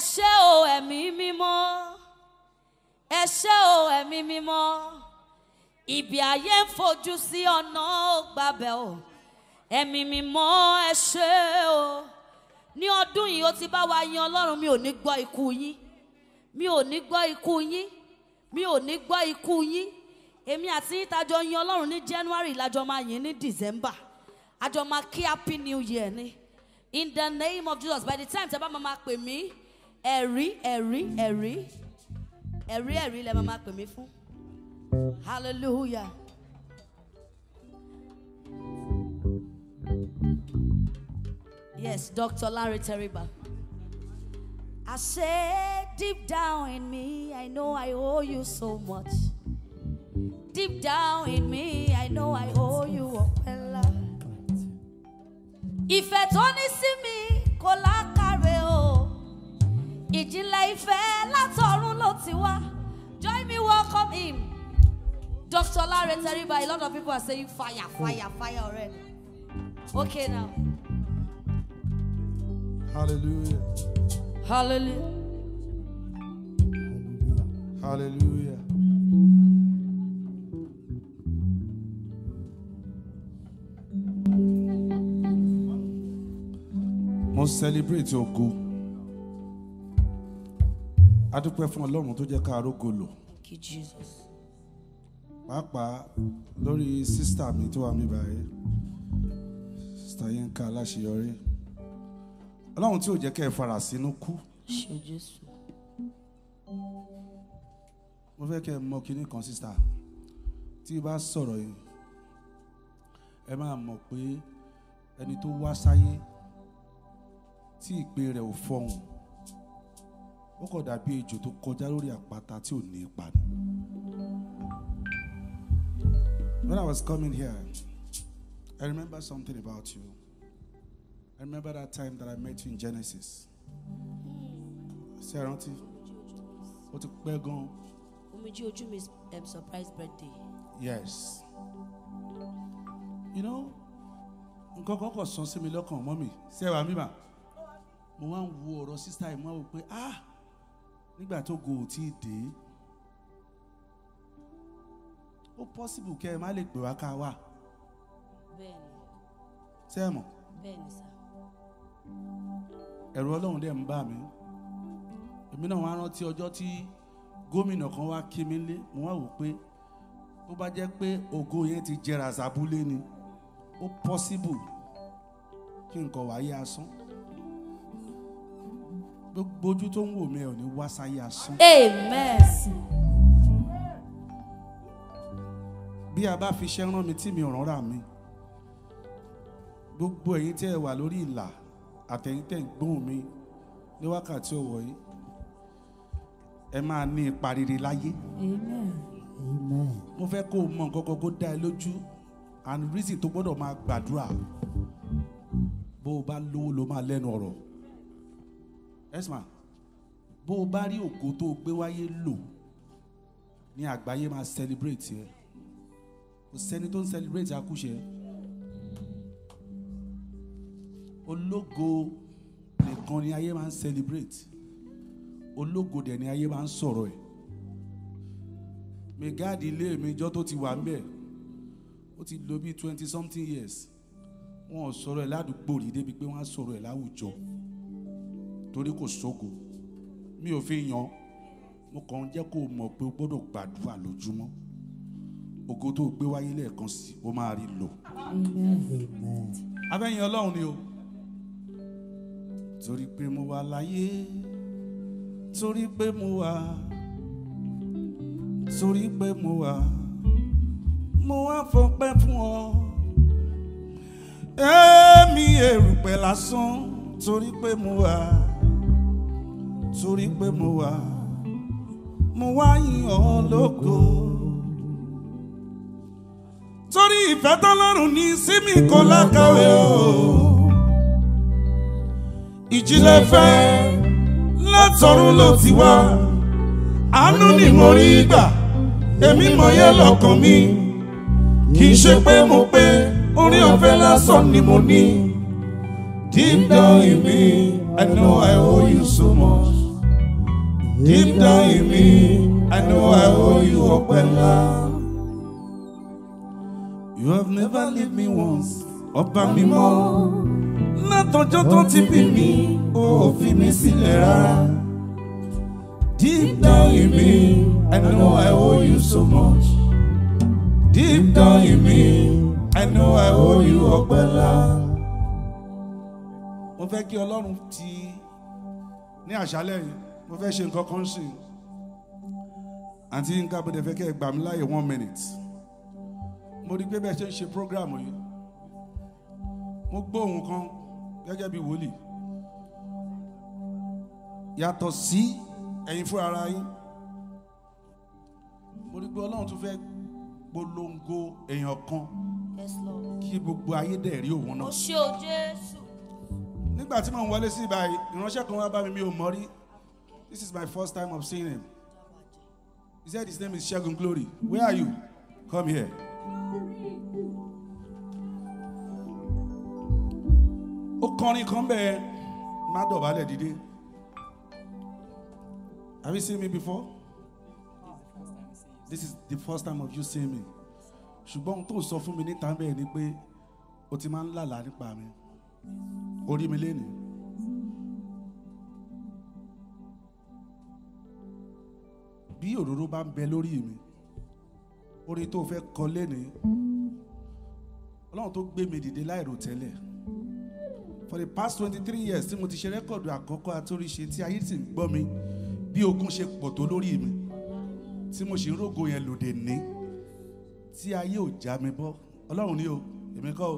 ẹ o ẹ̀mí mímọ́ ẹ o ẹ̀mí mímọ́ ibi ayé ń fojú sí ọ̀nà gbàbẹ̀ o ẹ̀mí mímọ́ ẹ o ní ọdún yìí ó ti bá wa yan ọlọ́run mi ò ní gbọ́ ikú yín mi ò ní gbọ́ ikú yín mi ò ní gbọ́ ikú yín èmi àti yín tajọ yan ọlọ́run ní January lájọ máa yìn ní December àjọ máa kí happy new year ni in the name of Jesus by the time tẹ bá máa pè mí. ẹ̀rí ẹ̀rí ẹ̀rí ẹ̀rí ẹ̀rí Let máa máa pè fún hallelujah. Yes, Dr. Larry Teriba. I say deep down in me, I know I owe you so much. Deep down in me, I know I owe you a fella. If tó only sí me, kò ìjìnlẹ̀ ìfẹ́ látọ̀run ló ti wá join me welcome him Dr. Lare Teriba a lot of people are saying fire oh. fire fire already okay now. Hallelujah. Hallelujah. Hallelujah. Must celebrate your good. adúpẹ́ fún ọlọ́run tó jẹ́ ká arógo lò pàápàá lórí sísítà mi tó wà mí báyìí sísítà Yínká Aláṣeyọrí ọlọ́run tí ò jẹ́ kẹ́ ẹ fara sínú kú mo fẹ́ kẹ́ ẹ mọ kinní kan sísítà tí ì bá sọ̀rọ̀ yìí ẹ máa mọ̀ pé ẹni tó wá sáyé tí ìpè rẹ̀ ò fọhùn ó kàn dàbí ejò tó kọjá lórí àpáta tí ò ní ipa ni. When I was coming here, I remember something about you. I remember that time that I met you in Genesis. Ṣé ẹ rántí? Ó ti pẹ́ gan. Omijì ojú mi um, surprise birthday. Yes. You know, nǹkan kan kò sọ sí mi lọ́kàn mọ́ mi. Ṣé wà mí mà? Mo wá ń wo ọ̀rọ̀ sísá ìmọ̀ wò pé ah! nígbà tó go ò dé ó possible kẹ́ ẹ má lè pè wá ká wà. bẹ́ẹ̀ni. ṣé ẹ mọ̀. bẹ́ẹ̀ni sá. ẹ̀rù ọlọ́run dẹ̀ ń bà mí èmi náà wá rántí ọjọ́ tí gómìnà kan wá kí mi lé mo wá wò pé bó bá jẹ́ pé ògo yẹn ti jẹrà sábúlé ni ó possible kí nǹkan wáyé asán gbogbo tó ń wò mí ẹ ò ní wá sáyé asán. amen. bí a bá fi iṣẹ́ rán mi tí mi ò rán rà mí gbogbo ẹ̀yin tí ẹ wà lórí ìlà àtẹ̀yìn tẹ̀ ń gbóhùn mi ní wákàtí ọ̀wọ̀ yìí ẹ máa ní ipa rere láyé. amen. amen. mo fẹ́ kó o mọ nǹkan kan kó dá ẹ lójú and reason tó gbọ́dọ̀ máa gbàdúrà bó o bá lówó ló máa lẹ́nu ọ̀rọ̀ yes ma bó o bá rí ògo tó o gbé wáyé lò ní àgbáyé máa celebrate ẹ kò sẹ́ni tó ń celebrate akúṣe ológo nìkan ni ayé máa ń celebrate ológo dẹ̀ ni ayé máa ń sọ̀rọ̀ ẹ̀ mi gáàdì ilé mi ìjọ tó ti wà ń bẹ̀ ó ti lò bí twenty something years wọn ò sọ̀rọ̀ ẹ̀ ládùúgbò rí débi pé wọ́n á sọ̀rọ̀ ẹ̀ láwùjọ torí kò sógo mi ò fi yan mo kàn ń jẹ́ kó o mọ̀ pé o gbọ́dọ̀ gbàdúrà lójúmọ́ ògo tó o gbé wáyé lẹ́ẹ̀kan sí o máa rí lò. abẹ́yìn ọlọ́run ni o. torí pé mo wà láyé torí pé mo wà torí pé mo wà mo wá fọpẹ́ fún ọ èmi erùpẹ̀ lásán torí pé mo wà torí pé mo wà mo wá yìn ọ́ torí ìfẹ́ tọ́lọ́run ní sí kò lákàwé o. ìjìnlẹ̀ fẹ́ látọ̀run ló ti wá àánú ni mo rí gbà èmi mọ̀ yẹ́ lọ́kàn mi kì í ṣe pé mo pé orí ọ̀fẹ́ lásán ni mo ní. Deep down in me, I know I owe you so much. Deep down in me, I know I owe you a well. You have never left me once, ọba mi mọ́. Látọjọ́ tó ti bí mi, ó fi mi sílẹ̀ rárá. Deep down in me, I know I owe you so much. Deep down in me, I know I owe you ọ̀pẹ̀lá. Mo fẹ́ kí Ọlọ́run ti ní àṣálẹ́ yìí mo fẹ́ ṣe nǹkan kan sí àǹtí Yínká mo dẹ̀ fẹ́ kẹ́ gbà mí láàyè one minute mo rí i pé bẹ́ẹ̀ ṣe ń ṣe program yìí mo gbóhùn kan gẹ́gẹ́ bí wòlíì yàtọ̀ sí ẹ̀yin fún ara yín mo rí i pé ọlọ́run tún fẹ́ polongo èèyàn kan kí gbogbo ayé dẹ̀ rí òun náà. nígbà tí mò ń wọlé sí ibà ìránṣẹ́ kan wá bá mi mi ò mọ̀ rí This is my first time of seeing him. He said his name is Shagun Glory. Where are you? Come here. ó kọrin kan bẹ́ẹ̀ má dọ̀bálẹ̀ dìde have you seen me before this is the first time of you seeing me ṣùgbọ́n tó sọ fún mi níta bẹ́ẹ̀ ni pé o ti máa ń lálàá nípa mi orí mi lénìí. bí òróró bá ń bẹ lórí mi orin tó fẹ́ kọ lénìí ọlọ́run tó gbé mi dìde láìrò tẹ́lẹ̀ for the past twenty three years tí mo ti ṣe rẹ́kọ̀dù àkọ́kọ́ atóríṣe tí ayé sì ń gbọ́ mi bí ogun ṣe pọ̀ tó lórí mi tí mo ṣe ń rògo yẹn lòdè ní tí ayé ò já mi bọ́ ọlọ́run ni o èmi kọ́ o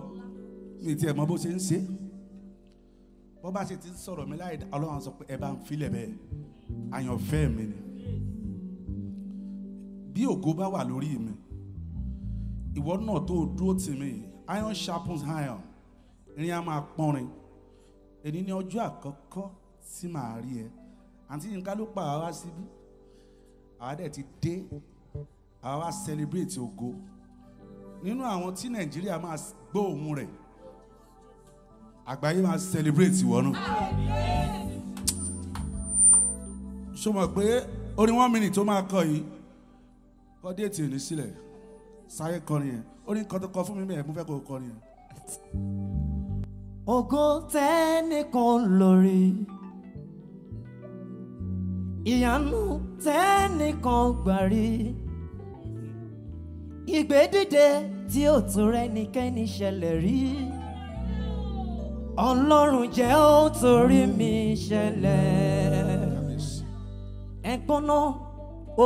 mi tiẹ̀ mọ bó ṣe ń ṣe bó bá ṣe ti ń sọ̀rọ̀ mi láì ọlọ́run sọ pé ẹ bá ń filẹ̀ bẹ́ẹ̀ àyànfẹ́ mi ni bí ògo bá wà lórí mi ìwọ náà tó dúró tì mí iron sharpens iron irin a máa pọnrin èyí ni ọjọ́ àkọ́kọ́ tí màá rí ẹ àǹtí Yínká ló pa àwa síbí àwa dẹ̀ ti dé àwa celebrate ògo nínú àwọn tí Nàìjíríà máa gbọ́ òun rẹ̀ àgbáyé máa celebrate ìwọ náà ṣó mọ̀ pé orin one minute tó máa kọ yìí kọ déètì òní sílẹ̀ sáyé kọrin yẹn ó ní nǹkan tó kọ fún mi bẹ́ẹ̀ mo fẹ́ kó kọrin yẹn. ògo tẹ́nìkan lórí ìyanu tẹ́nìkan gbàrí ìgbédìde tí ò tún rẹ́nikẹ́ni ṣẹlẹ̀ rí ọlọ́run jẹ́ ó torí mi ṣẹlẹ̀ ẹ̀gbọ́n náà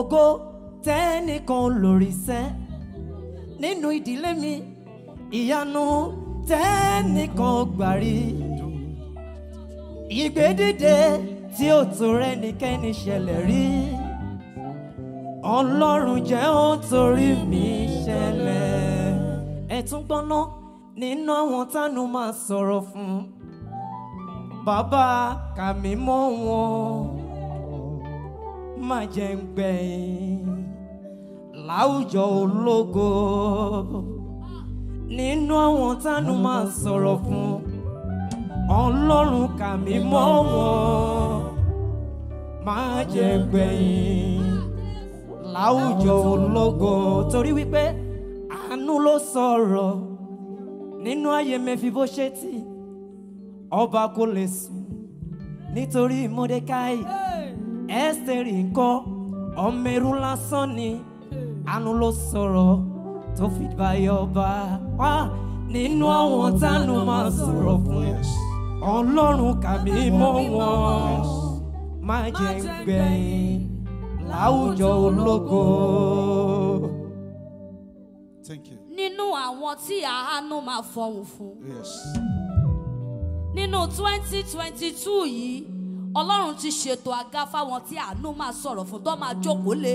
ògo tẹ́nìkan lórí sẹ́ nínú ìdílé mi ìyanu tẹ́nìkan gbàrí ìgbédìde tí ò tó rẹ́nikẹ́ni ṣẹlẹ̀ rí ọlọ́run jẹ́ ó torí mi ṣẹlẹ̀ ẹ̀tún gbọ́ná nínú àwọn tánu máa sọ̀rọ̀ fún bàbá kàmí wọn má jẹ́ ń gbẹ̀yìn láwùjọ ológo nínú àwọn tánú máa sọ̀rọ̀ fún ọlọ́run kà mí mọ́ wọn máa jẹ gbẹ̀yìn láwùjọ ológo torí wípé àánú ló sọ̀rọ̀ nínú ayé mẹ́fì bó ṣe tì ọba kò lè sùn nítorí Mọ́dékáì ẹ́sítẹ́rì ńkọ́ ọmọ ẹrú lásán ni. Hey àánú ló sọ̀rọ̀ tó fi báyọ̀ ọba wá nínú àwọn tánú máa sọ̀rọ̀ fún ọlọ́run kàmí mọ́ wọn má jẹ́ ń gbẹ̀yìn láwùjọ ológo. Thank you. nínú àwọn tí àánú máa fọhùn fún. Yes. nínú twenty twenty two yìí ọlọ́run ti ṣètò àga fáwọn tí àánú máa sọ̀rọ̀ fún tó máa jókòó lé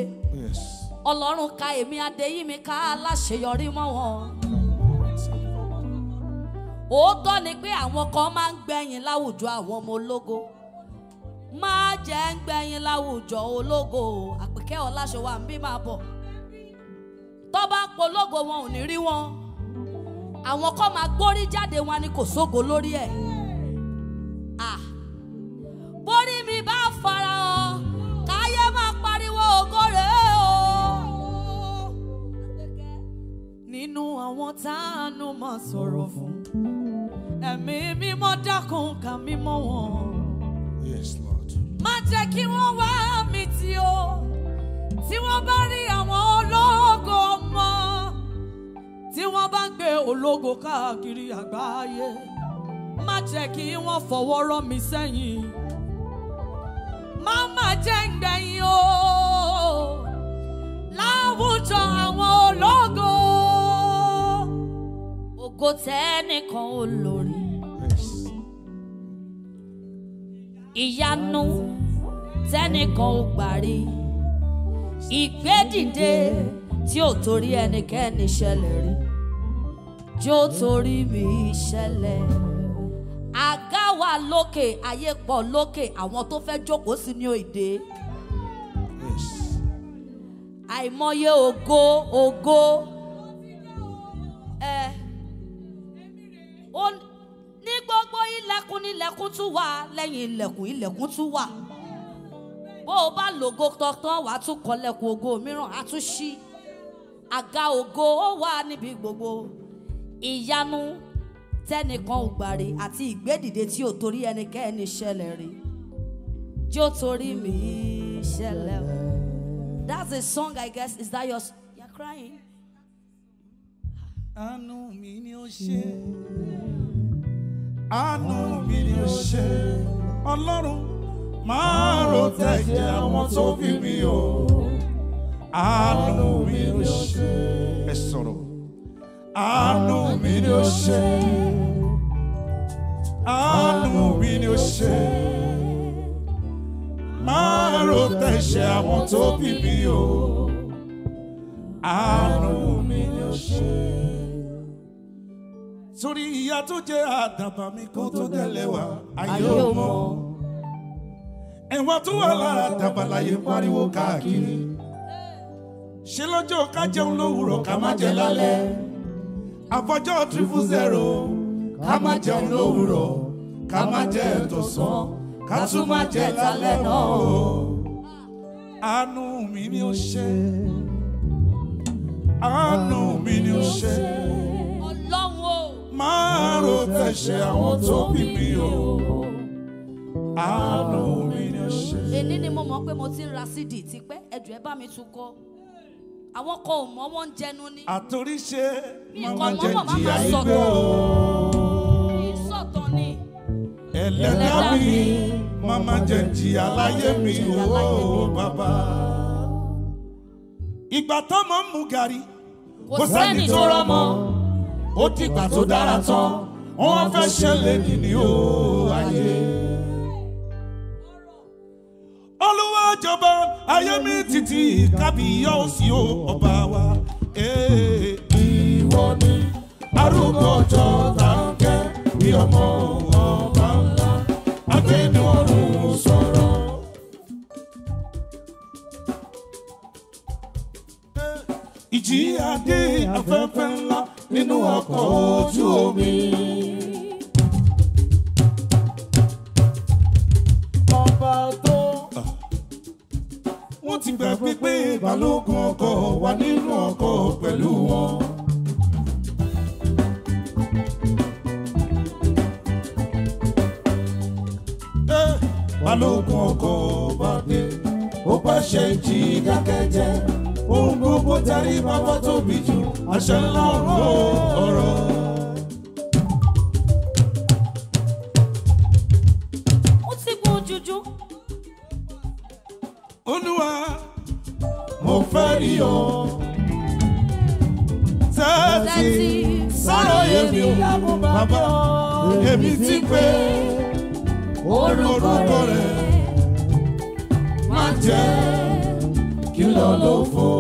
ọlọ́run ka èmi adéyìnmi ká aláṣeyọrí mọ́ wọn. òótọ́ ni pé àwọn kan máa ń gbẹ̀yìn láwùjọ àwọn ọmọ ológo máa jẹ́ ń gbẹ̀yìn láwùjọ ológo àpèkẹ́ ọláṣọwà ń bí máa bọ̀ tó bá pológo wọn ò ní rí wọn àwọn kan máa gbórí jáde wọn ni kò sógo lórí ẹ̀. Ah. àwọn táànù máa sọ̀rọ̀ fún ẹ̀mí mímọ́ dákun kà mí wọn. Yes, Lord. má jẹ́ kí wọ́n wá mi tí o tí wọ́n bá rí àwọn ológo mọ́ tí wọ́n bá ń gbé ológo káàkiri àgbáyé má jẹ́ kí wọ́n fọwọ́ rọ́ mi sẹ́yìn má má jẹ́ ń gbẹ̀yìn o láwùjọ àwọn ológo ògo tẹ́nìkan olórí ìyanu tẹ́nìkan ò gbàrí ìgbédìde tí ò torí ẹnikẹ́ni ṣẹlẹ̀ rí jó torí mi ṣẹlẹ̀ àga wà lókè ayé pọ̀ lókè àwọn tó fẹ́ jókòó sí ní òde àìmọye ògo ògo. nílẹ̀kùn tún wà lẹ́yìn ilẹ̀kùn ilẹ̀kùn tún wà bó o bá lògo tọ̀tọ̀ wàá tún kọ́lẹ̀kùn ògo mìíràn á tún ṣí àga ògo ó wà níbi gbogbo ìyanu tẹnìkan ò àti ìgbédìde tí ò torí ẹnikẹ́ni ṣẹlẹ̀ rí jó torí mi ṣẹlẹ̀ o that's a song I guess is that yours you're crying. àánú mi ni ó ṣe àánú mi ni ó ṣe ọlọ́run máa ro tẹ̀jẹ̀ àwọn tó bí mi o àánú mi ni ó ṣe ẹ sọ̀rọ̀ àánú mi ni ó ṣe àánú mi ni ó ṣe máa ro tẹ̀jẹ̀ àwọn tó bí mi o àánú mi ni ó ṣe torí ìyá tó jẹ́ àdàbà mi kó tó délé wa ayé ò ẹ̀wọ̀n tó wà lára àdàbà pariwo káàkiri ṣe lọ́jọ́ ká jẹun lówùrọ̀ ká má jẹ lálẹ́ àfọjọ́ triple zero ká má jẹun lówùrọ̀ ká má jẹ tọ̀sán ká tún má jẹ lálẹ́ náà àánú mi ni ó ṣe àánú mi ni ó ṣe máa ro tẹ̀sẹ̀ àwọn tó bí o. Àánú mi ni ó ṣe. Èní ni mo mọ̀ pé mo ti ń ra CD tipẹ́, ẹ̀dùn ẹ̀ bá mi tún kọ́ àwọn kan ò mọ wọn ń jẹnu ní. àtòrí ṣe máa jẹ jìyà ìgbé o. ẹlẹ́dá mi máa jẹ jìyà láyé mi o bàbá. ìgbà tó mọ̀ ń mu gàrí kò sẹ́ni tó rọ́mọ ó dìgbà tó dára tán wọ́n fẹ́ ṣe lèmi ní o ayé. olúwa jọba ayé mi títí kábíyọ̀sí o ọba wa. ìwọ ni arúgbó ọjọ́ tá a kẹ́ bí ọmọ ọba ńlá agbẹ́ni ọ̀run sọ̀rọ̀. ìjì adé afẹ́fẹ́ ńlá nínú ọkọ̀ ojú omi. ọba tó wọ́n ti gbà pípé balógun ọkọ̀ wà nínú ọkọ̀ pẹ̀lú wọn. balógun ọkọ̀ bá dé ó bá ṣe jí dákẹ́jẹ́ ohun gbogbo tẹrí bàbá tóbi jù àṣẹ ńlá ọ̀rọ̀ ọ̀rọ̀. ó ti gun ojújú. olúwa mo fẹ́ rí ọ tẹ́tí sọ̀rọ̀ yẹmi o bàbá èmi ti pé orúkọ rẹ̀ má jẹ́ lọ agogo.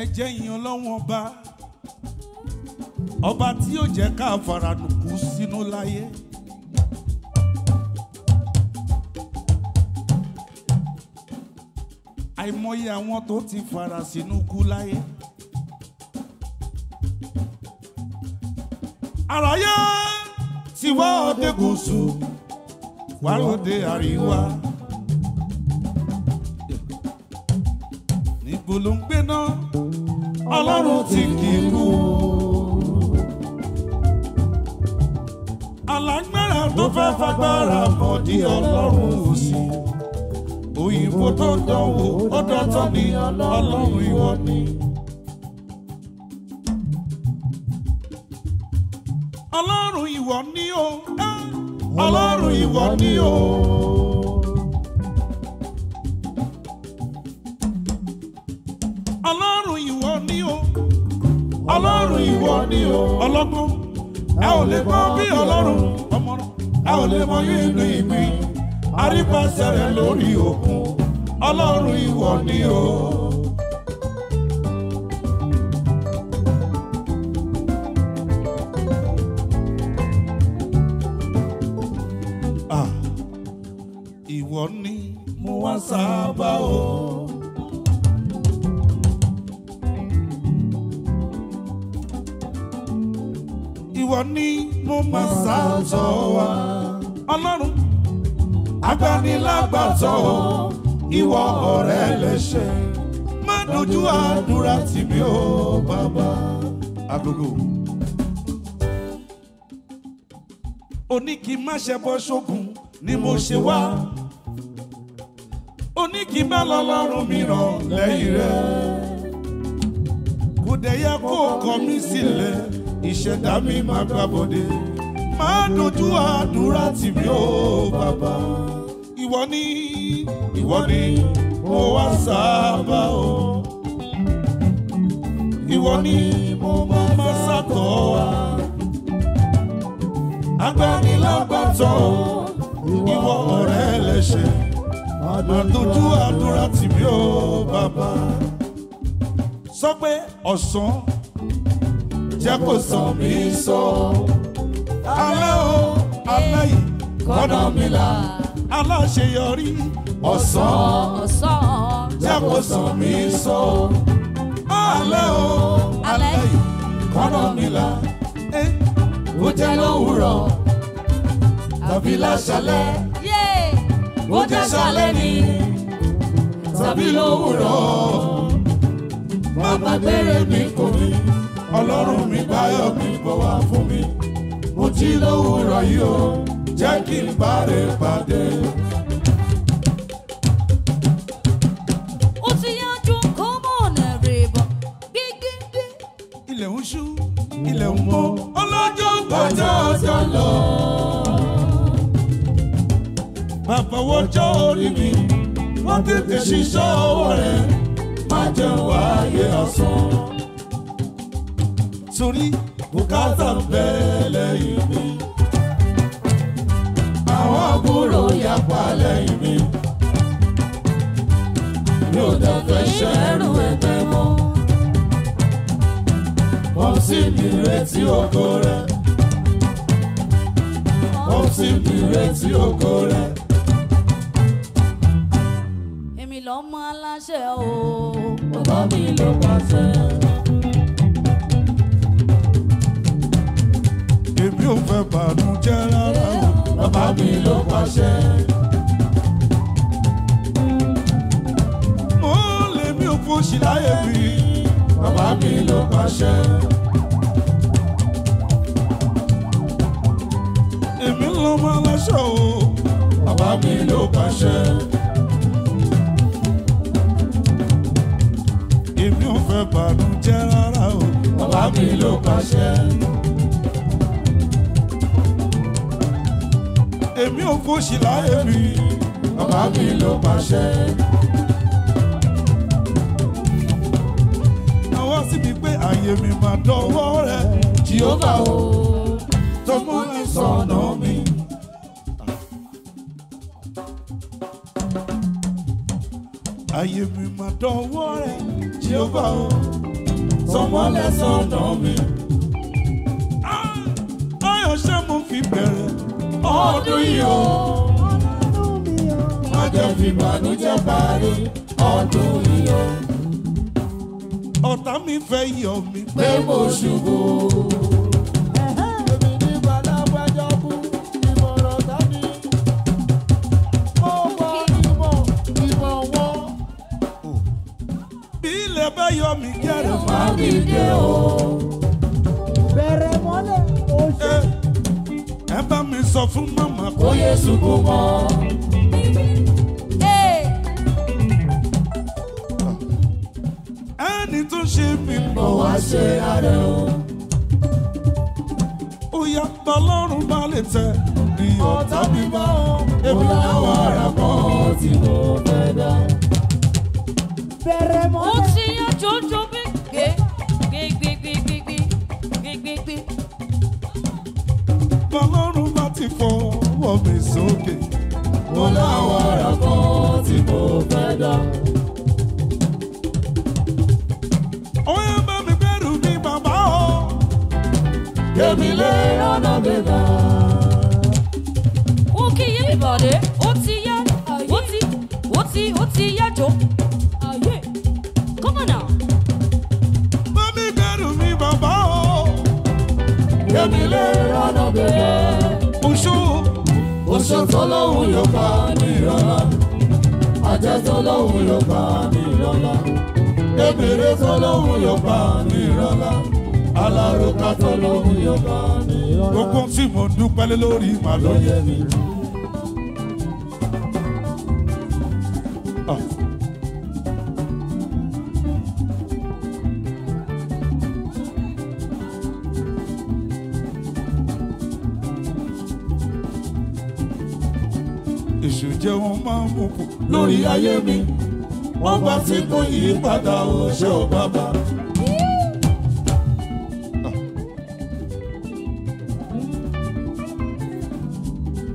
ẹ jẹ́ yìn Ọlọ́run ọba ọba tí yóò jẹ́ ká faranùkú sínú láyé. àìmọye àwọn tó ti fara sínú kú láyé. àráyé tiwọ́ ọdẹ gúúsù wàá lóde àríwá. fẹ́ fagbára mọ̀dí ọlọ́run ò sí. òyìnbó tó dánwò ó dọ́tọ́ ni ọlọ́run ìwọ ni. ọlọ́run ìwọ ni o ọlọ́run ìwọ ni o. ọlọ́run ìwọ ni o ọlọ́run ìwọ ni o ọlọ́gbọ́n ẹ ò lè gbọ́ bí ọlọ́run ọmọ a ò lè mọyú inú ìgbín arípasẹ̀ rẹ̀ lórí òkun ọlọ́run ìwọ ni o. ṣe má dojú àdúrà tì mí ó bàbá. agogo. oní kí n má ṣe bọ́ ṣógun ni mo ṣe wá oní kí n bá lọ́lọ́run mi ràn lẹ́yìn rẹ̀ kò dẹ̀ yẹ kó kọ mí sílẹ̀ ìṣẹ̀dá mi máa gbàbọ̀dé máa dojú àdúrà tì mí ó bàbá ìwọ ni ìwọ ni mo sábà o ìwọ ni mo máa sàtọ̀ wá agbanilágbàtọ̀ ìwọ ọ̀rẹ́ ẹlẹ́ṣẹ̀ àdójú àdúrà tìbí o bàbá sọ pé ọ̀sán jẹ́ kó sàn mí sọ alẹ́ o alẹ́ yìí kọ́nà mi là aláṣeyọrí ọ̀sán ọ̀sán jẹ́ kó sàn mí so. alẹ́ o alẹ́ yìí kọ́nà mi la ó jẹ́ lówùrọ̀ tàbí láṣálẹ́ ó jẹ́ ṣálẹ́ ni tàbí lówùrọ̀ bàbá bẹ̀rẹ̀ mi kò rí ọlọ́run mi gbáyọ̀ mi bọ̀wá fún mi mo jí lówùrọ̀ yìí o jẹ́ kí n bá rẹ̀ pàdé. àríbí wọ́n tètè ṣiṣẹ́ ọwọ́ rẹ̀ má jẹun ayé ọ̀sán. torí bùkátà ń bẹ lẹ́yìn mi àwọn àbúrò yapa lẹ́yìn mi mi ò dẹ̀ fẹ́ ṣẹ́rù ẹgbẹ́ mọ́ wọ́n sì ní retí ògo rẹ̀ wọ́n sì ní retí ògo rẹ̀. bàbá mi ló pàṣẹ. èmi ò fẹ́ bànújẹ́ mo lèmi ò fòṣì láyé mi bàbá mi ló pàṣẹ. èmi lọ́mọ aláṣọ o bàbá mi ló pàṣẹ. bànújẹ́ rárá o. bàbá mi ló pàṣẹ. èmi ò fòṣì láyé mi. bàbá mi ló pàṣẹ. náwó síbi pé àyè mi máa dọwọ́ rẹ̀. jìhóbá o tó mú ní sọ̀nà mi. ò bá o sọmọlẹ̀ sọ̀dọ̀ mi. Ah! ayọ̀ ṣé mo fi bẹ̀rẹ̀ ọdún yìí o má jẹ́ fi bànújẹ́ parí ọdún yìí o. ọ̀tá mi fẹ́ yọ̀ mí pé mo ṣubú. sọ fún màmá kó yẹ sunkún mọ́. ẹni tó ṣe mí mọ̀ wá ṣe ara o. ó yá tọlọ́run bá lè tẹ ní ọ̀tá mi mọ́. èmi náà wà rà mọ́ tí mo fẹ́ dá. bẹ̀rẹ̀ mọ́. ó ti yẹ jọjọ. ti fọwọ́ mi sókè. mo láwọn ọ̀rọ̀ kan tí mo fẹ́ dá. oyè bá mi bẹ̀rù mi bàbá o. èmi lé ọ̀nà mi bá. ó kí yé mi bọ̀dé ó ti yá ó ti ó ti ó ti yá jọ. Emile aṣọ tọ́lọ́hún yóò pa ní ìrọ̀lá àjẹ́ tọ́lọ́hún yóò pa ní ìrọ̀lá ebèrè tọ́lọ́hún yóò pa ní ìrọ̀lá alárùkà tọ́lọ́hún yóò pa ní ìrọ̀lá. gbogbo tí mo dúpẹ́ lórí màá lóye mi. lórí ayé mi wọ́n bá ti kún yìí padà ọ̀ṣẹ́ ò bàbá.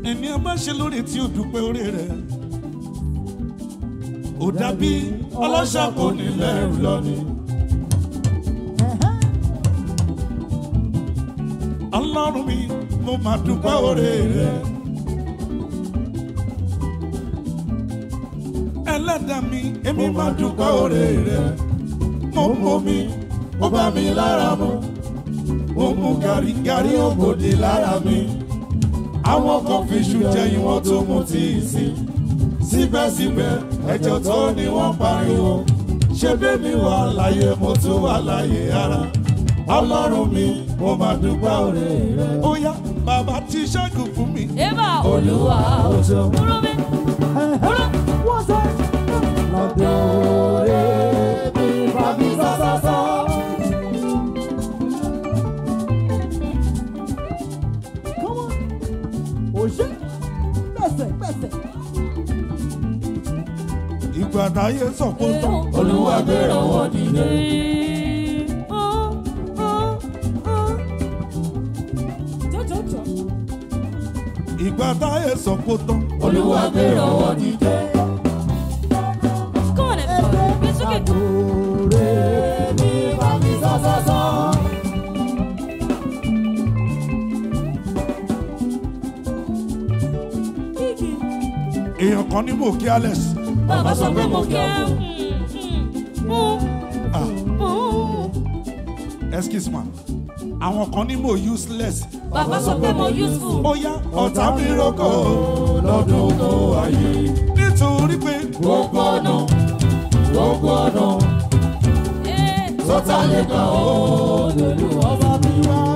ẹni a bá ṣe lórí tí ó dúpẹ́ orí rẹ̀ ò dàbí ọlọ́ṣà kò ní lẹ́rù lọ́ni. ọlọ́run mi mo máa dúpẹ́ orí rẹ̀. ẹlẹ́dàá mi èmi máa dúpẹ́ òrè rẹ mo mọ mi ó bá mi lára mu ó mú gàrígàrí òbòdì lára mi àwọn kan fi iṣu jẹyìn wọn tó mu tí ì sí síbẹ̀síbẹ̀ ẹ̀jẹ̀ tó ni wọ́n pariwo ṣé bẹ́mi wà láyé mo tún wà láyé ara ọlọ́run mi mo máa dúpẹ́ òrè rẹ. ó yá bàbá tí ṣẹ́gun fún mi. Eva olúwa òṣèlú. What's up? ìgbà táyé sọ̀kò tán. olúwa gbéra wọn dìde. ìgbà táyé sọ̀kò tán. olúwa gbéra wọn dìde. èèyàn kan ní mo kí alex. bàbá sọ pé mo hmm, hmm, hmm, excuse ma àwọn kan ní mo useless. bàbá sọ pé mo useful. ó yá ọ̀tá mi rọ́kọ̀ lọ́dún tó ayé. nítorí pé. gbogbo ọ̀nà gbogbo ọ̀nà eh, sọ́tà lè gbà ó lòlú ọba bí wá.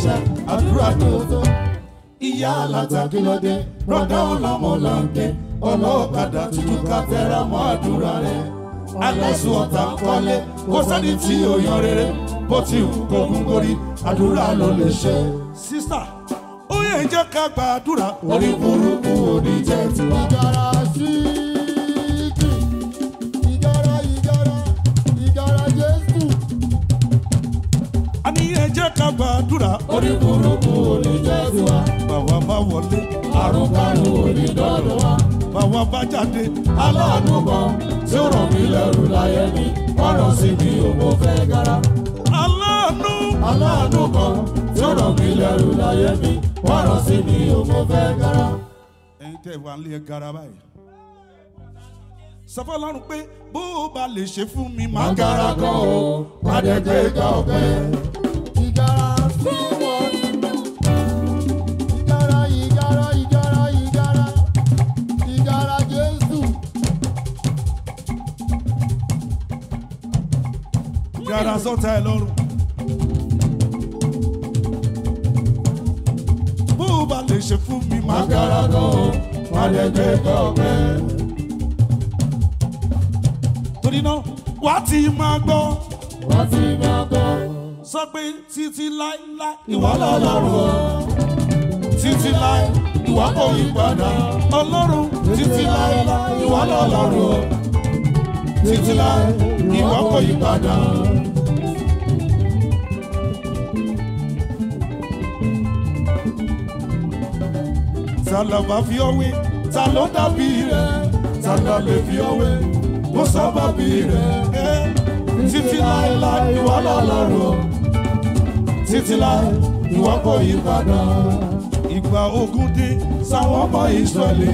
ṣiṣẹ́ àdúrà tó tó. Ìyá aláta kílódé, rọ́dá ọ̀làmọ̀ là ń ké, ọlọ́ọ̀kadà tuntun ká tẹ́ra mọ́ àdúrà rẹ̀. Alẹ́sùn ọ̀tá ń kọ́lé, kó sẹ́ni tí ò yan rere, bó ti ń gbógun gorí, àdúrà ló lè ṣe. Sísà, ó yẹ jẹ́ ká gba Orí burúkú ò ní jẹ́ tiwa. Ìjọra sí i. ká gbàdúrà. orí burúkú ò ní jẹ́ tiwa. bàwa bá wọlé. àrùn kárùn ò ní dọ́dọ̀ wa. bàwa bá jáde. aláàánú kan tí ó rọ̀ mí lẹ́rù láyé mi ọ̀rọ̀ sí mi ò mo fẹ́ gara. aláàánú. aláàánú kan tí ó rọ̀ mí lẹ́rù láyé mi ọ̀rọ̀ sí mi ò fẹ́ gara. ẹ̀yin tẹ́ ìwà ń lé gara báyìí sọ fọlọ́run pé bó o bá lè ṣe fún mi máa. màgàrà kan o pàdé gbé ga ọ̀pẹ. padà sọ́tà ẹ̀ lọ́rùn. bó o bá lè ṣe fún mi máa gara gan o máa lè gbé gbọ́gbẹ́. torí náà wá ti máa gbọ́. wá ti máa gbọ́. sọ pé títí láíláí ìwà lọ́lọ́run o títí láí ìwà kò yí padà ọlọ́run títí láí ìwà lọ́lọ́run o títí láí ìwà kò yí padà. ta la bá fi ọ́ wé ta ló dàbí rẹ̀ ta la lè fi ọ́ wé bó sábà bí rẹ̀ títí láéláé ìwà lálárò títí láé ìwà kò yí padà. ìgbà ogun dé sáwọn ọmọ Ísírẹ́lì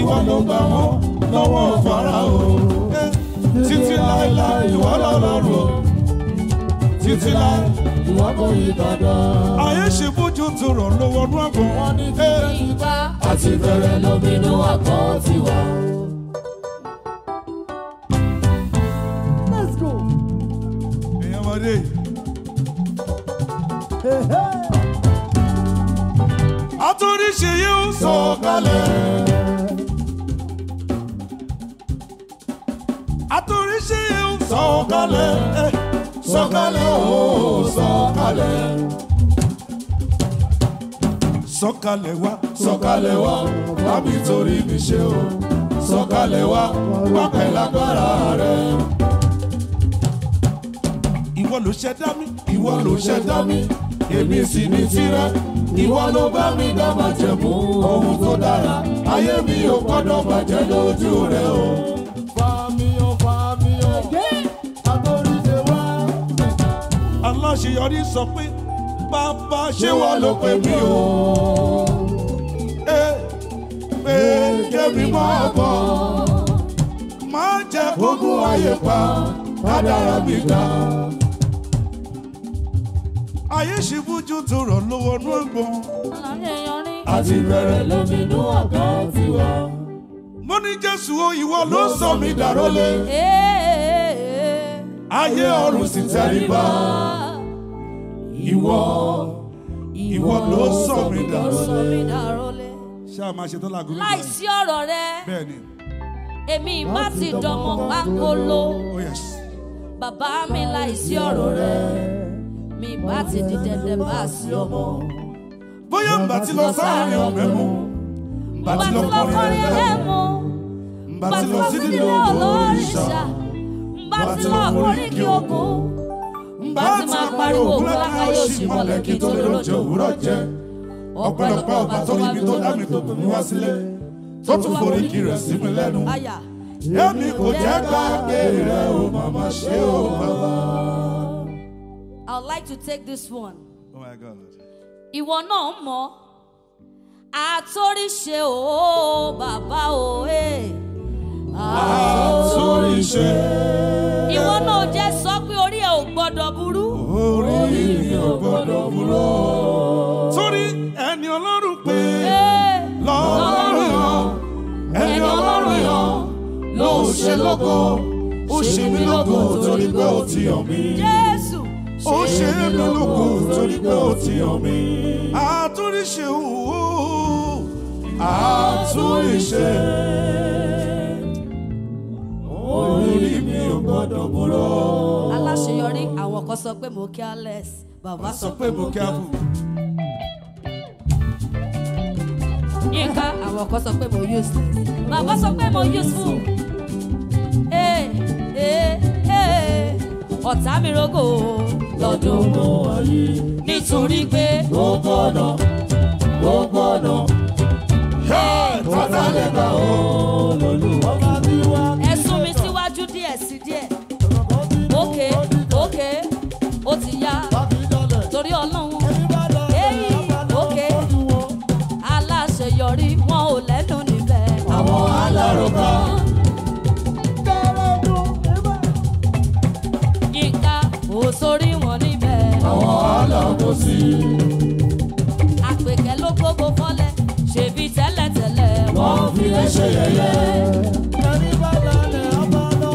ìwà ló gbà wọ́n lọ́wọ́ Fáráò títí láéláé ìwà lálárò títí láé ìwọ́pọ̀ ìbàdàn. ayé ṣe bójú tó rọ̀ lọ́wọ́ ní àgbọ̀n. wọ́n ní kí bẹ́ẹ̀ ti bá àti bẹ̀rẹ̀ lóminú àgbọ̀ ti wà. let's go. èèyàn máa dé. àtúndì ṣe yóò sọ̀kalẹ̀. àtúndì ṣe sọ̀kalẹ̀ o sọ̀kalẹ̀. sọ̀kalẹ̀ wa, sọ̀kalẹ̀ wa. rábì torí mi ṣe o sọ̀kalẹ̀ wá wá pẹ̀lú agbára rẹ. ìwọ ló ṣẹ̀dá mi ìwọ ló ṣẹ̀dá mi èmi sì ní tirẹ̀ ìwọ ló bá mi dá májẹ̀mú ohun tó dára ayé mi ò gbọ́dọ̀ bàjẹ́ lójú rẹ o. fàmì ò fàmì ò aláṣeyọrí sọ pé bàbá ṣé wà ló pè mí o. pé kébì mọ́ ọ̀bọ̀ má jẹ́ kókún ayé pa kádàrá mi gbà. ayé ṣì bójú tó rọ̀ lọ́wọ́ ní ọgbọ́n. àti bẹ̀rẹ̀ lómi inú ọ̀gá tiwa. mo ní jésù o ìwọ ló sọ mi dàrólé ayé ọ̀run sì tẹríba ìwọ ìwọ ló sọ mí dàrólẹ̀. ṣá máa ṣe tó lágùn méjì. láìsí ọ̀rọ̀ rẹ èmi má ti dánmọ pákóló oh, bàbá mi láìsí ọ̀rọ̀ rẹ mi bá ti di dẹ̀dẹ̀ bá sí ọmọ. bóyá ń bá ti lọ sáàrin ọ̀rẹ́ mu ń bá ti lọ kọrin ẹlẹ́mu ń bá ti lọ sídìí lọ́wọ́ ìṣá. Ǹgbà tí kí ogun. Ǹgbà tí máa pariwo òkú lákàyè òsì kí tó lè lóúnjẹ òwúrọ̀ jẹ. Ọ̀pẹ̀lọpẹ̀ ọba tó rí tó dá mi tó pè mí Tó tún forí kí rẹ̀ sí mi lẹ́nu. Yémi kò jẹ́ gbàgbé rẹ̀ o màmá ṣe o bàbá. I would like to take this one. Oh my God. Ìwọ náà mọ̀ àtòríṣe o bàbá o. Eh. Àtòríṣe. lógo ó ṣe mí lógo torí pé ó ti hàn mí. Jésù ó ṣe mí lógo torí pé ó ti hàn mí. àtúnríṣe òwò àtúnríṣe orí mi ò gbọ́dọ̀ búrọ́. aláṣeyọrí àwọn kan sọ pé mo careless bàbá sọ pé mo careful. Yínká àwọn kan sọ pé mo useless bàbá sọ pé mo useful. ọ̀tá mi rògò lọ́dún mọ́ wáyé nítorí pé ó gbọ́dọ̀ ó gbọ́dọ̀ tọ́ta lè gbà ó lọ́lùwọ́ bá bí wá. ẹ sún mi síwájú díẹ̀ sí díẹ̀ òkè òkè ó ti yá torí ọlọ́run. aláṣeyọrí wọn ò lẹ́nu níbẹ̀. àwọn aláròkàn. sí. àpèkẹ́ ló gbogbo fọ́lẹ̀ ṣèbí tẹ́lẹ̀tẹ́lẹ̀ wọ́n fi lè ṣe yẹ̀yẹ́. torí bàbá rẹ̀ ọba lọ.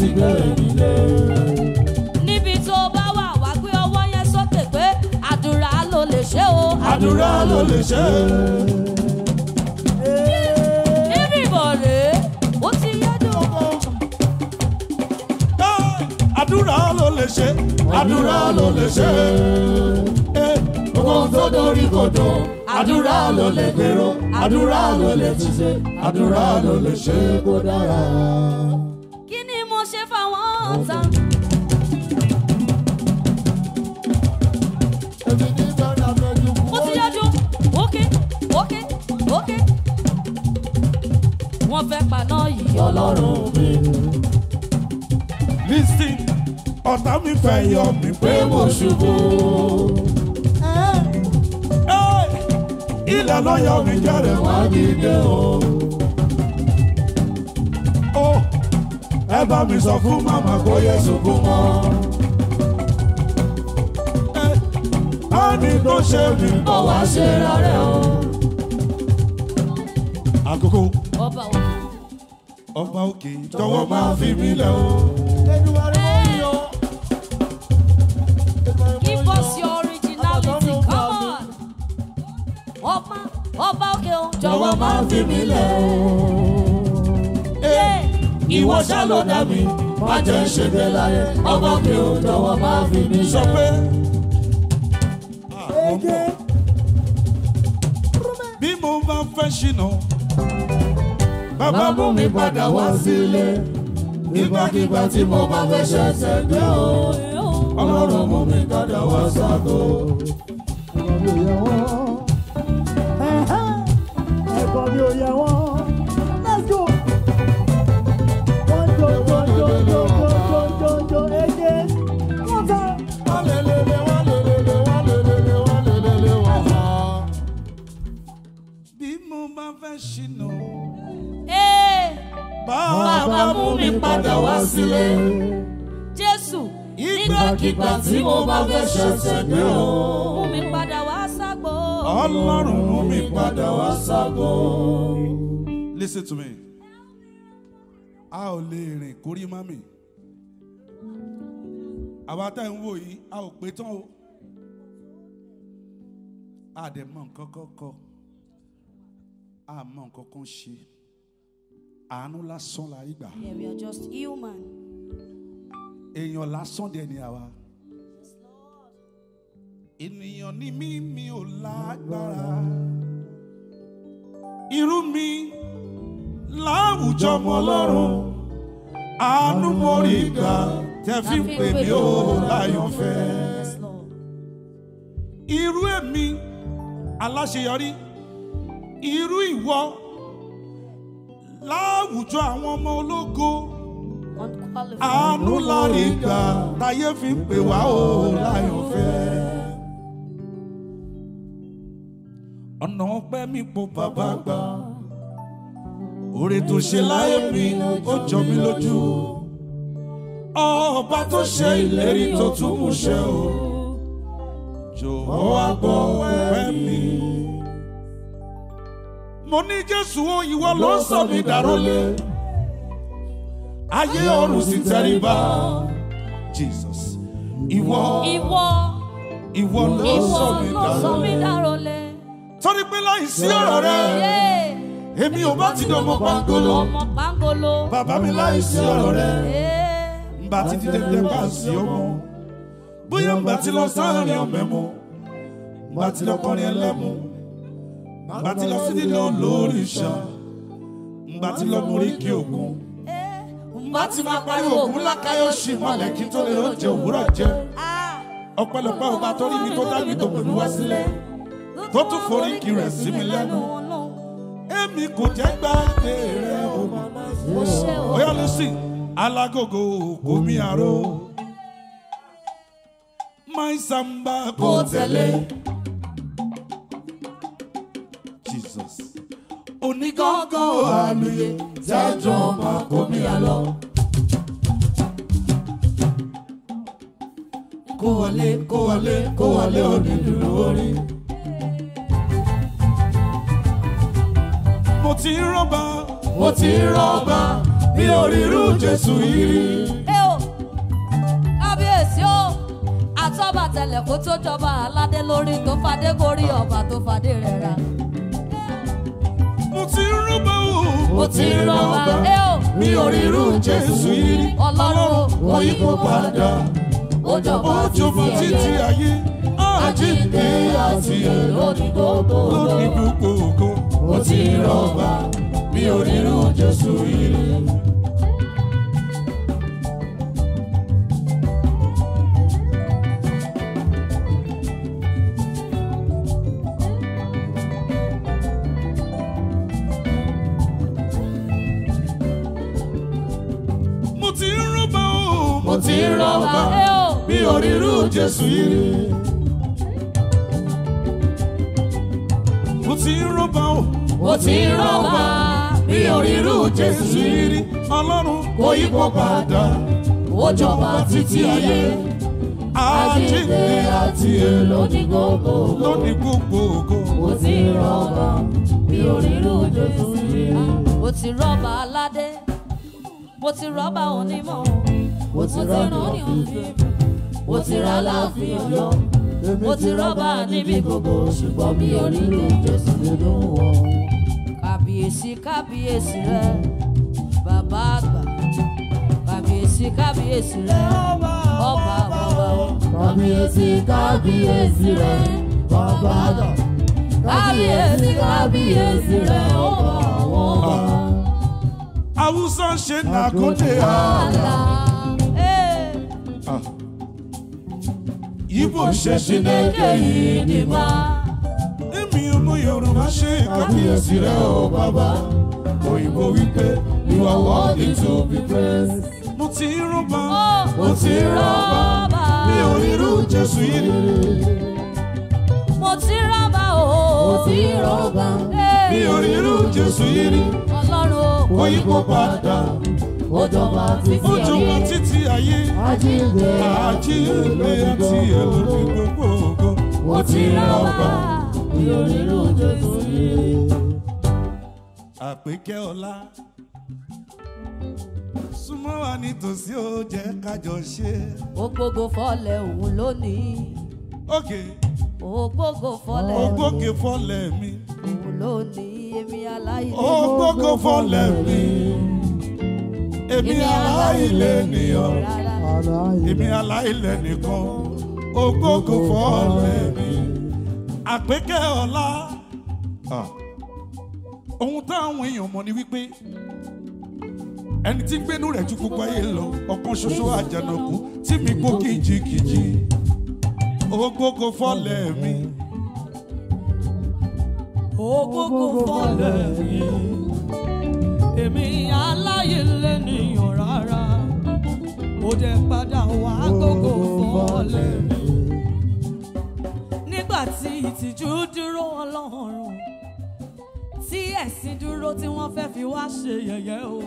ti bẹ̀rẹ̀ nílé. níbi tó bá wà wá gbé ọwọ́ yẹn sókè pé àdúrà ló lè ṣe o. àdúrà ló lè ṣe àdúrà ló lè ṣe àdúrà ló lè ṣe. Eh, ohun tó dorí kodò àdúrà ló lè gbèrò àdúrà ló lè túnṣe àdúrà ló lè ṣe kó dára. kí ni mo ṣe fáwọn ọ̀tá. wọ́n fẹ́ paná yìí ọlọ́run mi ọ̀tá mi fẹ́ yọ mí pé mo ṣubú. ilẹ̀ ló yọ mí jẹ́rẹ̀ wá dìde o. ẹ bá mi sọ fún màmá kó yẹ sunkún mọ́. ẹni tó ṣe mí bọ̀ wá ṣe rárẹ̀ o. àkókò ọba òkè jọ̀wọ́ máa fi mí lẹ̀ o. ìwọ máa fi mí lẹ̀ o. ìwọ ṣá ló dá mi má jẹ́ ṣègbè láyé ọmọ mi ò jọ̀wọ́ máa fi mí sọ pé. Ah, bí mo bá fẹ́ ṣìnà bàbá mú mi padà wá sílé nígbàkigbà tí mo bá fẹ́ ṣẹ̀ṣẹ̀ dé o ọlọ́run mú mi padà wá ságo. mú mi padà wá sílé. Jésù nígbàkigbà tí mo bá fẹ́ ṣẹ̀ṣẹ̀ dé o. Mú mi padà wá ságbo. Ọlọ́run mú mi padà wá ságbo. Listen to me. A ò lè rìn kórí mami. Àwa tá ẹ̀ ń wò yìí, a ò pé tán o. A dẹ̀ mọ nǹkan kan A mọ nǹkan kan ṣe àánú lásán la rí gbà. we are just human. èèyàn lásán dẹ̀ ni àwa. ènìyàn ni mí mi ò lágbára. irú mi láwùjọ mọ lọ́rùn àánú mo rí gbà tẹ́ fi ń pè mí ó láyọ̀fẹ́. irú èmi aláṣeyọrí irú ìwọ láwùjọ àwọn ọmọ ológo àánú lárí gbà táyé fi ń pè wá o láyọ̀fẹ́. ọ̀nà ọpẹ́ mi po bàbá gbà oore tó ṣe láyé mi ó jọ mí lójú ọba tó ṣe ìlérí tó tún mú ṣẹ o jọ̀wọ́ àgbọ̀ ọpẹ́ mi mo ní jésù o ìwọ ló ń sọ mi dàrólé ayé ọ̀run sì tẹríba jesus ìwọ ìwọ ìwọ ló ń sọ mi dàrólé torí pé láì sí ọ̀rọ̀ rẹ èmi ò bá ti di ọmọ pangolo bàbá mi láì sí ọ̀rọ̀ rẹ n bá ti di dẹ́gbẹ́ bá sí ọmọ bóyá n bá ti lọ sáárín ọ̀mẹ́mu n bá ti lọ kọrin ẹlẹ́mu. Ngbà tí lọ sídìí ló ń lórí ìṣà. Ngbà tí lọ múrí kí ògùn. Ngbà tí máa pariwo ògùn lákàyọ̀ ṣì mọ̀lẹ́ kí n tó lè oúnjẹ òwúrọ̀ jẹ. Ọpẹ́lọpẹ́ ọba tó rí mi tó dá mi tó pẹ̀lú wá sílẹ̀. Tó tún forí rẹ̀ sí mi lẹ́nu. Èmi kò jẹ́ gbàgbé rẹ̀ ògùn. Oyọ́ Lucy, alágògò omi àrò. Máìsàmbá kò tẹ̀lé. Jesus. Onígángan àlùyé tẹ́jọ́ máa kó mi Kó wọlé, kó wọlé, kó wọlé onídùúró orí. Mo ti rọ́bà, mo ti rọ́bà, mi ò rí irú Jésù yìí rí. tẹlẹ̀ kó tó jọba aládé lórí tó fadé gorí ọba tó fadé rẹ̀ ra ti rúbọ o. ó ti rọba mi ò rí irú jésù yìí ọlọ́run kò yípo padà ó jọ̀bọ̀ títí ayé àjíǹde àti lónìí gbogbo lónìí gbogbo ó ti rọba mi ò rí jésù yìí. Jésù yìí. Mo ti ń rọ́bà o. Mo ti ń rọ́bà bí orírú Jésù yìí. Ọlọ́run kò yípo padà. Ó jọba títí ayé. Àjíǹde àti èlò ní gbogbo ògo. Lónìí gbogbo Mo ti ń rọ́bà bí orírú Jésù yìí. Mo ti rọ́bà aládé. Mo ti rọ́bà onímọ̀. Mo ti rọ́bà onímọ̀ ó ti ra láàfin Ọ̀yọ́ mo ti rọ́bà níbi gbogbo ṣùgbọ́n mi ò rí ní Jésù nínú wọn. kàbíyèsí kábíyèsí rẹ bàbá àgbà kàbíyèsí kábíyèsí rẹ ọba bàbá o. kàbíyèsí kábíyèsí rẹ bàbá àgbà kábíyèsí kábíyèsí rẹ ọba àwọn ọba. awúsọ ṣe nàkóde àlà. Igbo ṣe Chineke yìí nìbá. Èmi ọmọ Yorùbá ṣe kábíyèsí rẹ̀ o bàbá. Òyìnbó wípé you are worthy to be praised. Mo ti rọ́bà, mo ti rọ́bà, mi ò rírú Jésù yìí rí. Mo ti rọ́bà o, mo ti rọ́bà, mi ò rírú Jésù yìí rí. Ọlọ́run òyìnbó padà ojọba títí ayé ojọba títí ayé ajíǹde ajíǹde àti ẹlòmí gbogbo ògo ó ti rà ọba ìrònú jésù yìí. àpèkẹ́ ọlá súnmọ́ wa nítòsí ó jẹ́ kájọ ṣe. ògbógo fọlẹ̀ òun lónìí. òkè. ògbógo fọlẹ̀ mi. ògbóge fọlẹ̀ mi. òun lónìí èmi aláìlẹ́. ògbógo fọlẹ̀ mi èmi aláìlẹ́nìyàn èmi aláìlẹ́nìkan ògógó fọ́ọ̀lẹ́ mi àpékẹ́ ọ̀la ah. ohun táwọn èèyàn mọ̀ ni wípé ẹni tí ń gbénú rẹ̀ ju gbogbo ayé lọ ọ̀kan ṣoṣo àjànàkú tí mi gbó kìjikìji ògógó fọ́ọ̀lẹ́ mi. ògógó fọ́ọ̀lẹ́ mi èmi aláyè lẹ́nìyàn rárá mo dẹ̀ padà wá gbogbo fọ́ọ̀lẹ̀ mi nígbà tí ìtìjú dúró ọlọ́run tí ẹ̀sìn dúró tí wọ́n fẹ́ fi wá ṣe yẹ̀yẹ́ o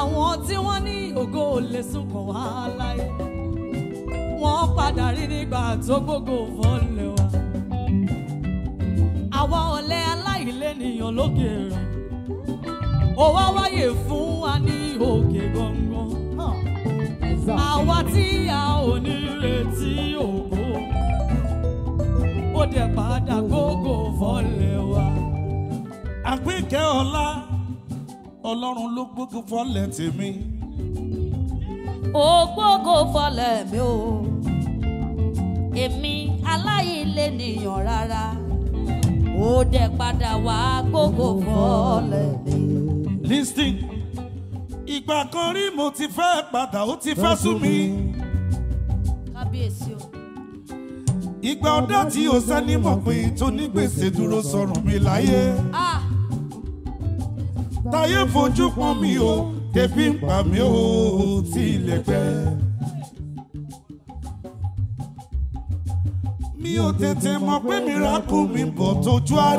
àwọn tí wọ́n ní ògo lè sunkàn wá láyé wọ́n padà rí nígbà tó gbogbo fọ́ọ̀lẹ̀ wa àwa ọ̀lẹ aláìlẹ́nìyàn lókè rẹ̀ ó wá wáyè fún wa ní òkè gangan àwa tí a ò ní retí ògo ó dẹ̀ padà gbogbo fọ́lẹ̀ wa. àpèkẹ́ ọlá ọlọ́run ló gbógun fọ́lẹ̀ tèmi. ó gbógun fọ́lẹ̀ mi o èmi aláìlènìyàn rárá ó dẹ̀ padà wá gbogbo fọ́lẹ̀ mi. Listen ìgbà kan rí mo ti fẹ́ padà ó ti fẹ́ sú mi. kábíyèsí o. ìgbà ọ̀dá tí o sẹ́ni mọ̀ pé tó ní gbèsè dúró sọ̀rùn mi láyé. Ah! táyé fojú pọ́n mi o tẹ̀bí ń pa mí o tí ilẹ̀ mi ò tètè mọ̀ pé mi rákùn mi bọ̀ tójú á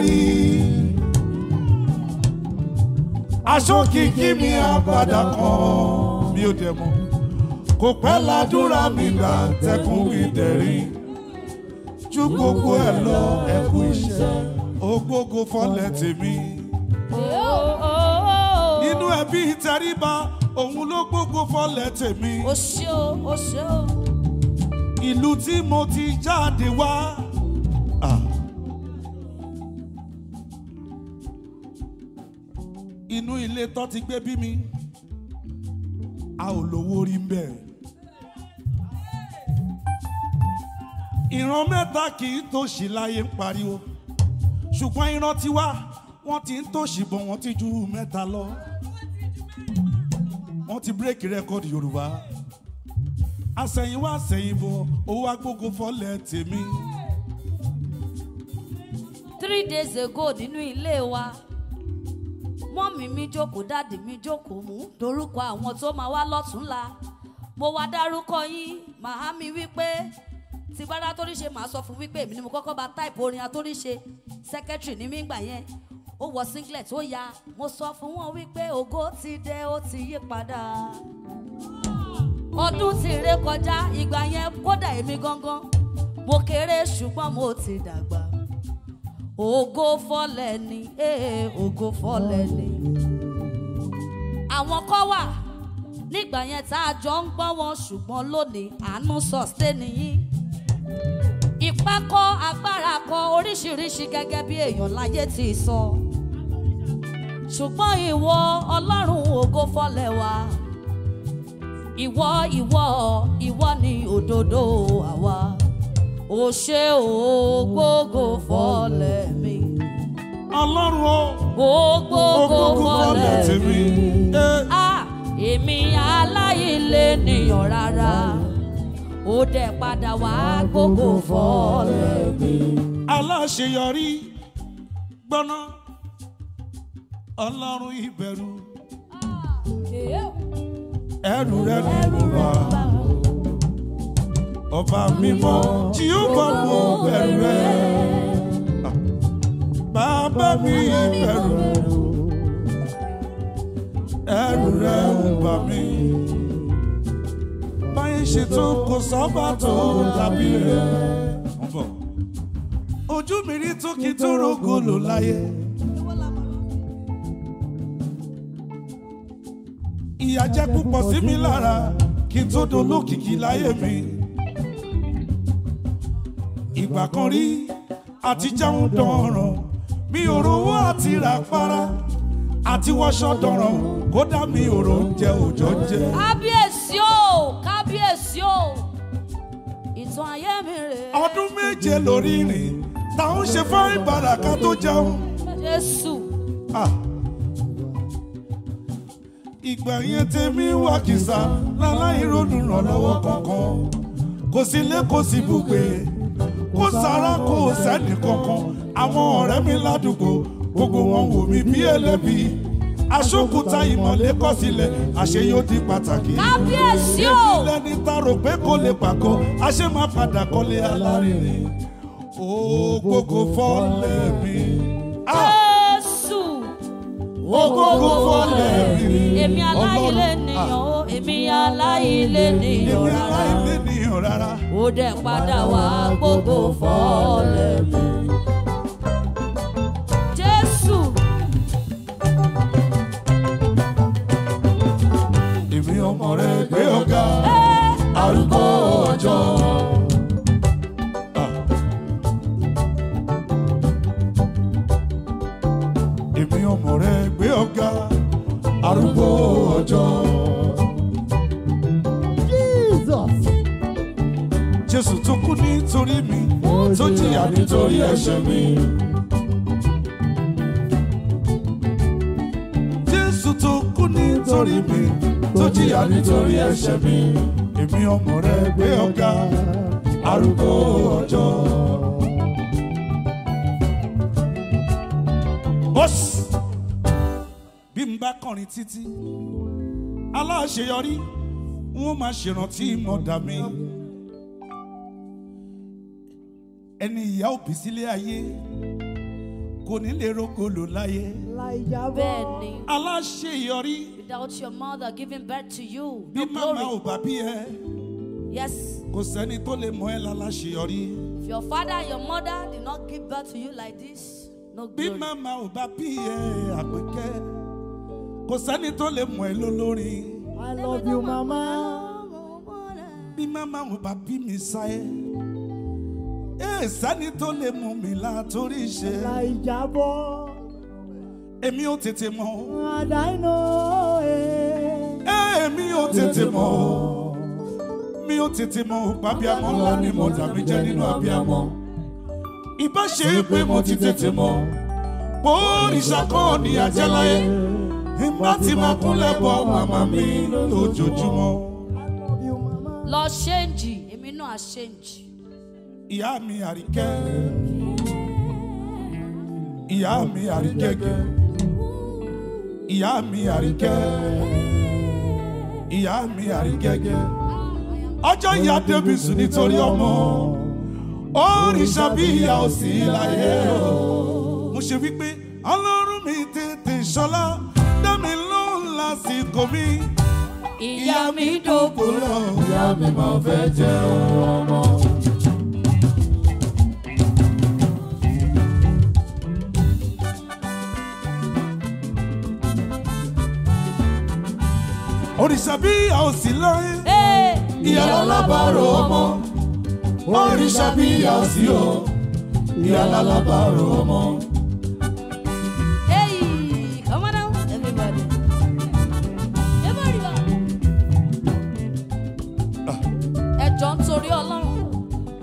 asókìkí mi àpàdà kan mi ò dẹ̀ mọ́ kò pẹ́ ládùúrà mi gbà tẹkùn ìdẹ̀rín ju gbogbo ẹ̀ lọ ẹ̀kú iṣẹ́ ògbógo fọlẹ̀ tèmi nínú ẹbí ìtẹríba òun ló gbógo fọlẹ̀ tèmi ìlú tí mo ti jáde wá. inú ilé tó ti gbé bí mi a ò lówó rí bẹ́ẹ̀. ìran mẹ́ta kì í tòṣì láyé ń pariwo ṣùgbọ́n ìran tiwa wọ́n ti ń tòṣì bọ̀ wọ́n ti ju mẹ́ta lọ wọ́n ti bírèkì rẹ́kọ̀dì Yorùbá àsẹ̀yìnwá àsẹ̀yìnbọ̀ owó agbógo fọ́lẹ̀ tèmi. three days ago nínú ilé wa mọ́mì mi jókòó dáàdì mi jókòó mú dorúkọ àwọn tó máa wá lọ́túnla mo wá dárúkọ yín màámi wípé tí gbára tó ríṣe màá sọ fún wípé èmi ni mo kọ́kọ́ bá táìpù orin atóríṣe sẹ́kẹ́tìrì ní mí yẹn ó wọ singlet ó ya mo sọ fún wọn wípé ògo ti dé ó ti yí padà ọdún ti ré ìgbà yẹn kódà èmi gangan mo kéré ṣùgbọ́n mo ti dàgbà. Ogo fọlẹ̀ ni ee eh, ògo fọlẹ̀ ni. àwọn kọ́ wà nígbà yẹn tá a jọ ń gbọ́ wọn ṣùgbọ́n lónìí àánú sọ̀sẹ́ nìyí. ipá kọ́ agbára kọ́ oríṣiríṣi gẹ́gẹ́ bí èèyàn láyé ti sọ. ṣùgbọ́n ìwọ ọlọ́run ògo fọlẹ̀ wa ìwọ ìwọ ìwọ ni òdodo àwa o ṣé o gbogbo fọlẹ̀ mi. ọlọ́run o. o gbogbo fọlẹ̀ tèmi. a èmi aláìlé nìyàn rárá ó dẹ̀ padà wá gbogbo fọlẹ̀ mi. aláṣeyọrí gbọ́ná ọlọ́run ìbẹ̀rù ẹrù rẹ̀ ló wà ọba mímọ́ tí ó gbọ́gbọ́ bẹ̀rù rẹ̀ bàbá mi bẹ̀rù ẹ̀rù rẹ̀ ń bà mí báyìí ṣètò kò sọ́ba tó dàbí rẹ̀ ojú mi rí tókì tó rògo lò láyé. ìyà jẹ́ púpọ̀ sí mi lára kí n tó dolókìkí láyé mi ìgbà kan rí àti jẹun dọ̀ràn mi ò rówó àti rà para àti wọṣọ dọ̀ràn kódà mi ò rò ń jẹ òjò jẹ. kábíyèsí o kábíyèsí o ìtàn ayé mi rè é. ọdún méje lórí rìn táwọn ṣe fáwọn ìbàràkà tó jẹun. jésù. ìgbà yẹn tèmi wà kìsà láláì ròdùn rànlọ́wọ́ kankan kò sí lé kò sí bùgbé kó sára kó sẹ́ni kankan àwọn ọ̀rẹ́ mi ládùúgbò gbogbo wọn wò mí bí ẹlẹ́bi aṣókúta ìmọ̀lé kọ́ sílẹ̀ di pàtàkì. kábíyèsí o. èmi lẹni tá pé kò lè pàkọ́ àṣé máa padà kọ́lé alárinrin. ó gbogbo fọ́lẹ̀ mi. Ah! Ògógó fọlẹ̀ mi. Èmi aláìlé nìyàn o, èmi aláìlé nìyàn rárá. Èmi aláìlé nìyàn rárá. Ó dẹ̀ padà wá gbogbo fọlẹ̀ mi. Jésù. Èmi ọmọ rẹ̀ gbé ọ̀gá. Arúgbó ọjọ́. lọ́jọ́. Jésù tó kú nítorí mi, tó jìyà nítorí ẹ̀ṣẹ̀ mi. Jésù tó kú nítorí mi, tó jìyà nítorí ẹ̀ṣẹ̀ mi. Èmi ọmọ rẹ gbé ọ̀gá, arúgbó ọjọ́. Bọ́sì kọrin títí aláṣeyọrí wọn máa ṣèrántí mọ̀dà mi ẹni ìyá òbí sílé ayé kò ní lè rogolo láyé bẹ́ẹ̀ni aláṣeyọrí without your mother giving birth to you bí màmá ò bá bí ẹ kò sẹ́ni tó lè mọ ẹ́ láláṣeyọrí. if your father and your mother did not give birth to you like this no glory. bí màmá ò bá bí ẹ àpẹkẹ kò sẹ́ni tó lè mọ̀ ẹ́ lólórí. I love you mama. bí mama ò bá bí mi sáyé ẹ sẹ́ni tó lè mú mi látòrí ṣe. ìlà ìjábọ̀. èmi ò tètè mọ̀. àdáyínà e. ẹ. èmi ò tètè mọ̀ mi ò tètè mọ̀ pàbíàmọ́ ńlá ni mo dàbí jẹ́ nínú àbíàmọ́. ìbá ṣe é pé mo ti tètè mọ̀. bó òrìṣà ni ní àjẹ́láyé nígbà tí mo kúnlẹ̀ bọ màmá mi lójoojúmọ́. lọ ṣéǹjì èmi náà ṣéǹjì. ìyá mi àríkẹ́ ìyá mi àríkẹ́gẹ́ ìyá mi àríkẹ́ ìyá mi àríkẹ́gẹ́ ọjọ́ ìyá débìsù nítorí ọmọ òrìṣà bí ìyá ò láyé o. mo ṣe wípé ọlọ́run mi tètè ṣọlá mi ló ń lásìkò mi. ìyá mi dògbòlò. ìyá mi máa fẹ́ jẹun ọmọ. òrìṣà bí a ò sí láyé. ìyá lálábàárò ọmọ òrìṣà bí a ò sí o ìyá lálábàárò ọmọ.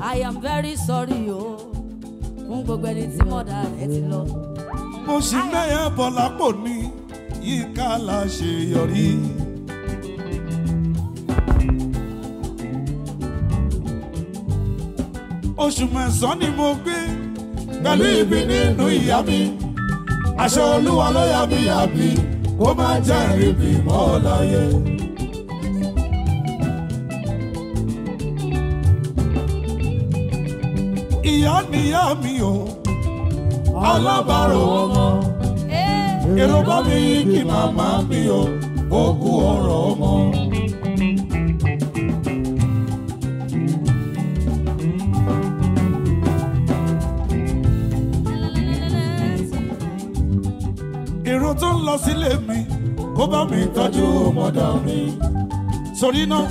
I am very sorry o fún gbogbo ẹni tí mọ̀dà rẹ̀ ti lọ. mo ṣì mẹ́yà bọ́lápò ní yíká la oṣù mẹ́sàn-án ni mo gbé pẹ̀lú ibi nínú ìyá mi àṣẹ olúwa ló yà mí yà mí kó má jẹ́ ìrìbì láyé. ìyá níyá mi o alábàárò ọmọ èrò bá mi kí màmá mi o òkú ọ̀rọ̀ ọmọ. èrò tó ń lọ sílé mi kó bá mi tọ́jú mọ́dà mi torí náà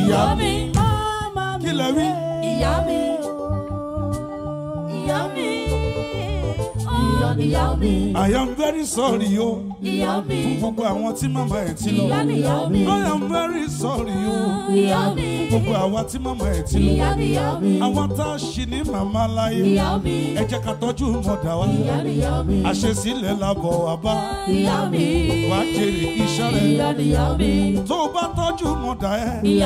ìyá mi kí lè wí ìyá mi. I am very sorry o. Oh. Fún gbogbo àwọn tí màmá ẹ̀ ti lọ. I am very sorry o. Oh. Fún gbogbo àwa tí màmá ẹ̀ ti lọ. Àwọn tá a ṣì ní màmá láyé. Ẹ jẹ́ ká tọ́jú mọ̀dà wa. Àṣesílẹ̀ la bọ̀ wá bá. Ìyá jèrè iṣẹ́ rẹ̀. Tó o bá tọ́jú mọ̀dà ẹ.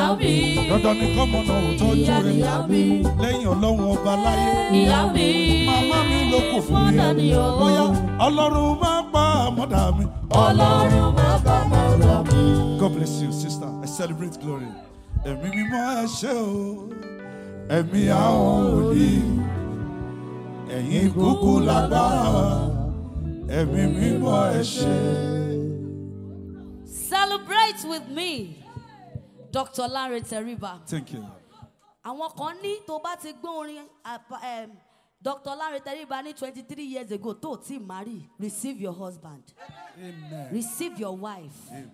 Dandan ni kọ́mọ̀nà ò tọ́jú rẹ̀. Lẹ́yìn ọlọ́run ọba láyé. Màmá mi ló kù fún mi bóyá ọlọ́run máa pa mọ́dà mi. ọlọ́run máa pa mọ́dà mi. God bless you sister I celebrate glory. ẹ̀mí mímọ́ ẹ o ẹ̀mí àwọn òní ẹ̀yin kúkú lágbára ẹ̀mí mímọ́ ẹ Celebrate with me, Dr. Lanre Teriba. Thank you. Àwọn kan ní tó bá ti gbọ́ orin Dr. Larry Teribani, 23 years ago, told him, Marry, receive your husband. Amen. Receive your wife. Amen.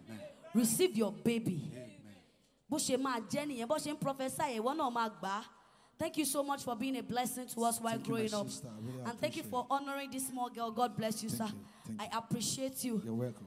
Receive your baby. Bushy ṣe Jenny, Bushy Professor, bó ṣe ń prophesy, Thank you so much for being a blessing to us while thank growing you, up. really and thank you for honoring this small girl. God bless you, thank sir. You, I appreciate you. You're welcome.